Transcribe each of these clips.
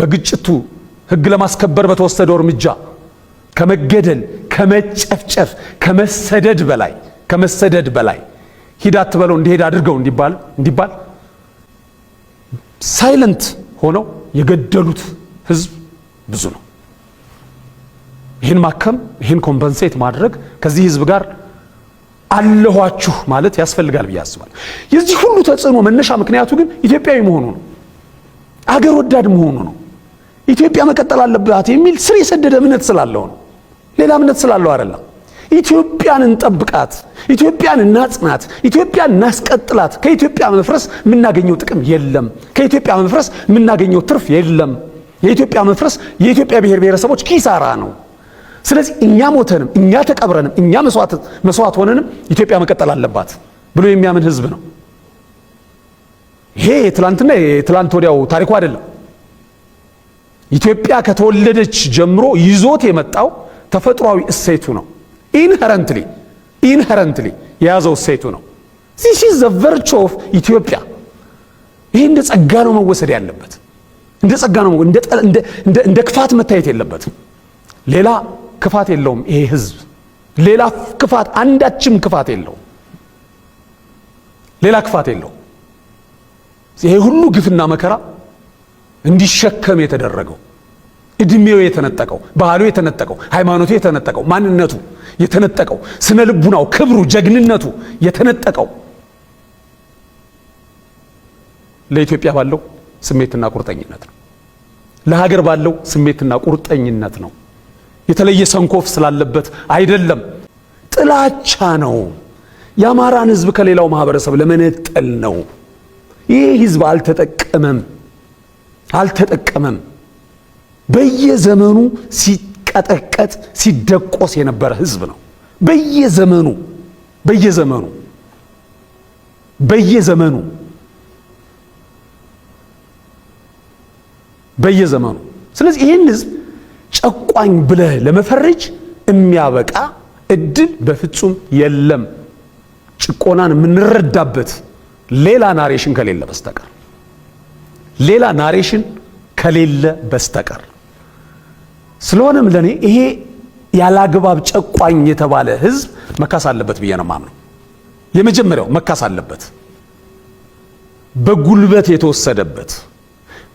በግጭቱ ህግ ለማስከበር በተወሰደው እርምጃ ከመገደል ከመጨፍጨፍ ከመሰደድ በላይ ከመሰደድ በላይ ሂድ አትበለው እንዲሄድ አድርገው እንዲባል እንዲባል ሳይለንት ሆነው የገደሉት ህዝብ ብዙ ነው። ይህን ማከም ይህን ኮምፐንሴት ማድረግ ከዚህ ህዝብ ጋር አለኋችሁ ማለት ያስፈልጋል ብዬ አስባለሁ። የዚህ ሁሉ ተጽዕኖ መነሻ ምክንያቱ ግን ኢትዮጵያዊ መሆኑ ነው፣ አገር ወዳድ መሆኑ ነው። ኢትዮጵያ መቀጠል አለባት የሚል ስር የሰደደ እምነት ስላለው ነው። ሌላ እምነት ስላለው አይደለም። ኢትዮጵያን እንጠብቃት፣ ኢትዮጵያን እናጽናት፣ ኢትዮጵያን እናስቀጥላት። ከኢትዮጵያ መፍረስ የምናገኘው ጥቅም የለም። ከኢትዮጵያ መፍረስ የምናገኘው ትርፍ የለም። የኢትዮጵያ መፍረስ የኢትዮጵያ ብሔር ብሔረሰቦች ኪሳራ ነው። ስለዚህ እኛ ሞተንም እኛ ተቀብረንም እኛ መስዋዕት ሆነንም ኢትዮጵያ መቀጠል አለባት ብሎ የሚያምን ህዝብ ነው። ይሄ የትላንትና የትላንት ወዲያው ታሪኩ አይደለም። ኢትዮጵያ ከተወለደች ጀምሮ ይዞት የመጣው ተፈጥሯዊ እሴቱ ነው። ኢንሄረንትሊ ኢንሄረንትሊ የያዘው እሴቱ ነው። ዚስ ኢዝ ዘ ቨርቹ ኦፍ ኢትዮጵያ። ይህ እንደ ጸጋ ነው መወሰድ ያለበት፣ እንደ ጸጋ ነው፣ እንደ ክፋት መታየት የለበትም። ሌላ ክፋት የለውም ይሄ ህዝብ፣ ሌላ ክፋት አንዳችም ክፋት የለውም። ሌላ ክፋት የለውም። ይሄ ሁሉ ግፍና መከራ እንዲሸከም የተደረገው እድሜው የተነጠቀው ባህሉ የተነጠቀው ሃይማኖቱ የተነጠቀው ማንነቱ የተነጠቀው ስነ ልቡናው ክብሩ ጀግንነቱ የተነጠቀው ለኢትዮጵያ ባለው ስሜትና ቁርጠኝነት ነው። ለሀገር ባለው ስሜትና ቁርጠኝነት ነው። የተለየ ሰንኮፍ ስላለበት አይደለም፣ ጥላቻ ነው። የአማራን ህዝብ ከሌላው ማህበረሰብ ለመነጠል ነው። ይህ ህዝብ አልተጠቀመም። አልተጠቀመም። በየዘመኑ ሲቀጠቀጥ ሲደቆስ የነበረ ህዝብ ነው። በየዘመኑ በየዘመኑ በየዘመኑ በየዘመኑ ስለዚህ ይህን ህዝብ ጨቋኝ ብለህ ለመፈረጅ የሚያበቃ እድል በፍጹም የለም። ጭቆናን የምንረዳበት ሌላ ናሬሽን ከሌለ በስተቀር ሌላ ናሬሽን ከሌለ በስተቀር ስለሆነም ለእኔ ይሄ ያላግባብ ጨቋኝ የተባለ ህዝብ መካስ አለበት ብዬ ነው ማምነው። የመጀመሪያው መካስ አለበት በጉልበት የተወሰደበት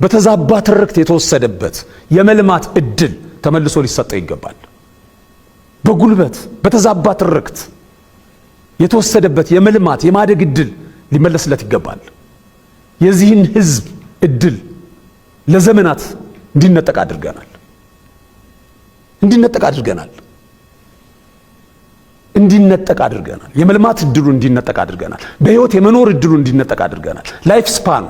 በተዛባ ትርክት የተወሰደበት የመልማት እድል ተመልሶ ሊሰጠው ይገባል። በጉልበት በተዛባ ትርክት የተወሰደበት የመልማት የማደግ እድል ሊመለስለት ይገባል። የዚህን ህዝብ እድል ለዘመናት እንዲነጠቅ አድርገናል እንዲነጠቅ አድርገናል እንዲነጠቅ አድርገናል። የመልማት እድሉ እንዲነጠቅ አድርገናል። በህይወት የመኖር እድሉ እንዲነጠቅ አድርገናል። ላይፍ ስፓን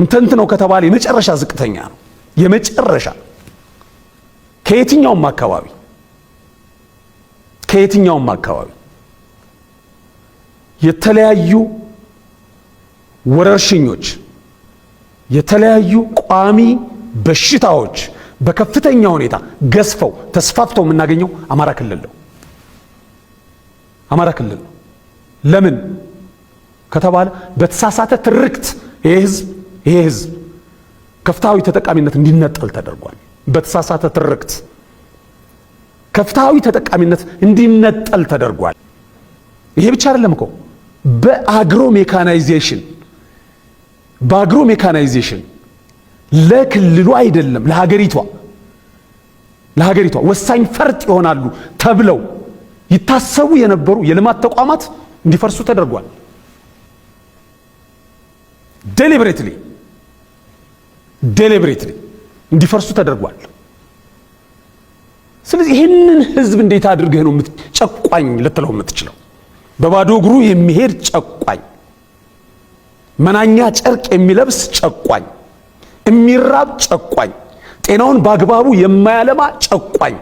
እንተንት ነው ከተባለ የመጨረሻ ዝቅተኛ ነው። የመጨረሻ ከየትኛውም አካባቢ ከየትኛውም አካባቢ የተለያዩ ወረርሽኞች የተለያዩ ቋሚ በሽታዎች በከፍተኛ ሁኔታ ገዝፈው ተስፋፍተው የምናገኘው አማራ ክልል ነው። አማራ ክልል ነው። ለምን ከተባለ በተሳሳተ ትርክት ይሄ ህዝብ ይሄ ህዝብ ከፍትሃዊ ተጠቃሚነት እንዲነጠል ተደርጓል። በተሳሳተ ትርክት ከፍትሃዊ ተጠቃሚነት እንዲነጠል ተደርጓል። ይሄ ብቻ አይደለም እኮ በአግሮ ሜካናይዜሽን በአግሮ ሜካናይዜሽን ለክልሉ አይደለም ለሀገሪቷ ለሀገሪቷ ወሳኝ ፈርጥ ይሆናሉ ተብለው ይታሰቡ የነበሩ የልማት ተቋማት እንዲፈርሱ ተደርጓል። ዴሊብሬትሊ ዴሊብሬትሊ እንዲፈርሱ ተደርጓል። ስለዚህ ይህንን ህዝብ እንዴት አድርገህ ነው ጨቋኝ ልትለው የምትችለው? በባዶ እግሩ የሚሄድ ጨቋኝ መናኛ ጨርቅ የሚለብስ ጨቋኝ፣ የሚራብ ጨቋኝ፣ ጤናውን በአግባቡ የማያለማ ጨቋኝ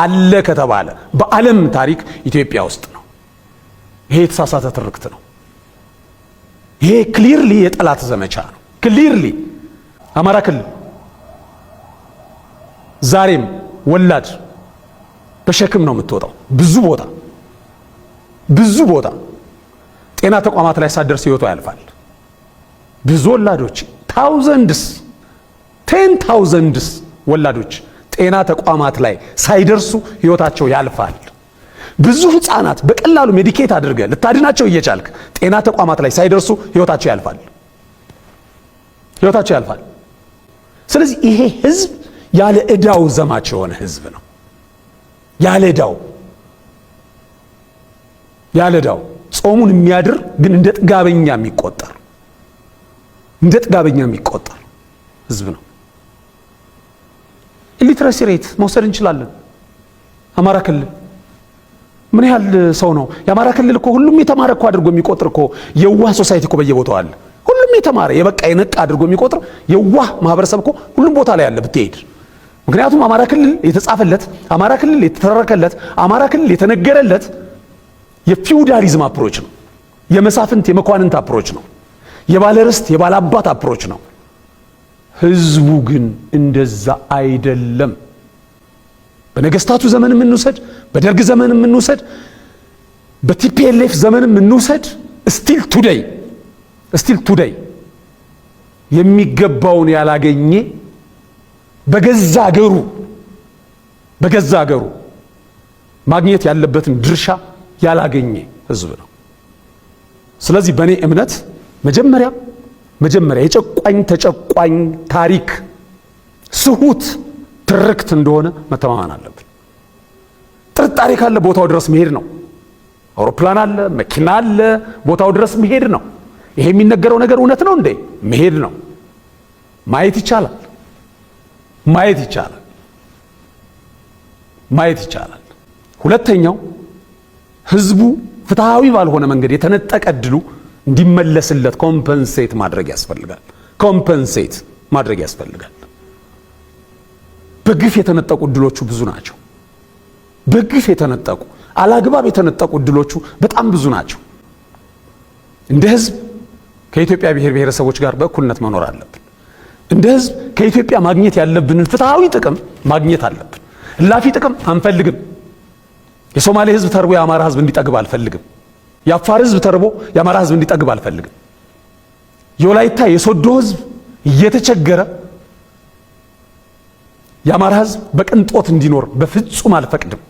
አለ ከተባለ በዓለም ታሪክ ኢትዮጵያ ውስጥ ነው። ይሄ የተሳሳተ ትርክት ነው። ይሄ ክሊርሊ የጠላት ዘመቻ ነው። ክሊርሊ አማራ ክልል ዛሬም ወላድ በሸክም ነው የምትወጣው። ብዙ ቦታ ብዙ ቦታ ጤና ተቋማት ላይ ሳደርስ ሕይወቷ ያልፋል። ብዙ ወላዶች ታውዘንድስ ቴን ታውዘንድስ ወላዶች ጤና ተቋማት ላይ ሳይደርሱ ህይወታቸው ያልፋል። ብዙ ህፃናት በቀላሉ ሜዲኬት አድርገ ልታድናቸው እየቻልክ ጤና ተቋማት ላይ ሳይደርሱ ህይወታቸው ያልፋል ህይወታቸው ያልፋል። ስለዚህ ይሄ ህዝብ ያለ እዳው ዘማች የሆነ ህዝብ ነው። ያለ ዕዳው ያለ ዕዳው ጾሙን የሚያድር ግን እንደ ጥጋበኛ የሚቆጠር እንደ ጥጋበኛ የሚቆጠር ህዝብ ነው። ሊትረሲ ሬት መውሰድ እንችላለን። አማራ ክልል ምን ያህል ሰው ነው? የአማራ ክልል እኮ ሁሉም የተማረ እኮ አድርጎ የሚቆጥር እኮ የዋህ ሶሳይቲ እኮ በየቦታው አለ። ሁሉም የተማረ የበቃ የነቃ አድርጎ የሚቆጥር የዋህ ማህበረሰብ እኮ ሁሉም ቦታ ላይ አለ ብትሄድ። ምክንያቱም አማራ ክልል የተጻፈለት፣ አማራ ክልል የተተረከለት፣ አማራ ክልል የተነገረለት የፊውዳሊዝም አፕሮች ነው። የመሳፍንት የመኳንንት አፕሮች ነው። የባለ ርስት የባለ አባት አፕሮች ነው። ህዝቡ ግን እንደዛ አይደለም። በነገስታቱ ዘመን እንውሰድ፣ በደርግ ዘመን የምንውሰድ በቲፒኤልኤፍ ዘመን የምንውሰድ ስቲል ቱዴይ ስቲል ቱዴይ የሚገባውን ያላገኘ በገዛ አገሩ በገዛ አገሩ ማግኘት ያለበትን ድርሻ ያላገኘ ህዝብ ነው። ስለዚህ በእኔ እምነት መጀመሪያ መጀመሪያ የጨቋኝ ተጨቋኝ ታሪክ ስሁት ትርክት እንደሆነ መተማመን አለብን። ጥርጣሬ ካለ ቦታው ድረስ መሄድ ነው። አውሮፕላን አለ፣ መኪና አለ፣ ቦታው ድረስ መሄድ ነው። ይሄ የሚነገረው ነገር እውነት ነው እንዴ? መሄድ ነው። ማየት ይቻላል፣ ማየት ይቻላል፣ ማየት ይቻላል። ሁለተኛው ህዝቡ ፍትሐዊ ባልሆነ መንገድ የተነጠቀ እድሉ እንዲመለስለት ኮምፐንሴት ማድረግ ያስፈልጋል። ኮምፐንሴት ማድረግ ያስፈልጋል። በግፍ የተነጠቁ እድሎቹ ብዙ ናቸው። በግፍ የተነጠቁ አላግባብ የተነጠቁ እድሎቹ በጣም ብዙ ናቸው። እንደ ህዝብ ከኢትዮጵያ ብሔር ብሔረሰቦች ጋር በእኩልነት መኖር አለብን። እንደ ህዝብ ከኢትዮጵያ ማግኘት ያለብንን ፍትሐዊ ጥቅም ማግኘት አለብን። እላፊ ጥቅም አንፈልግም። የሶማሌ ህዝብ ተርቦ የአማራ ህዝብ እንዲጠግብ አልፈልግም። የአፋር ህዝብ ተርቦ የአማራ ህዝብ እንዲጠግብ አልፈልግም። የወላይታ የሶዶ ህዝብ እየተቸገረ የአማራ ህዝብ በቅንጦት እንዲኖር በፍጹም አልፈቅድም።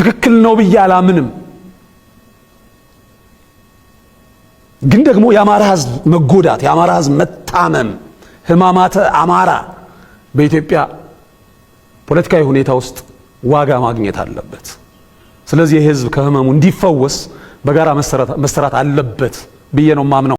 ትክክል ነው ብዬ አላምንም። ግን ደግሞ የአማራ ህዝብ መጎዳት፣ የአማራ ህዝብ መታመም፣ ህማማተ አማራ በኢትዮጵያ ፖለቲካዊ ሁኔታ ውስጥ ዋጋ ማግኘት አለበት። ስለዚህ ይህ ህዝብ ከህመሙ እንዲፈወስ በጋራ መሰራት አለበት ብዬ ነው ማምነው።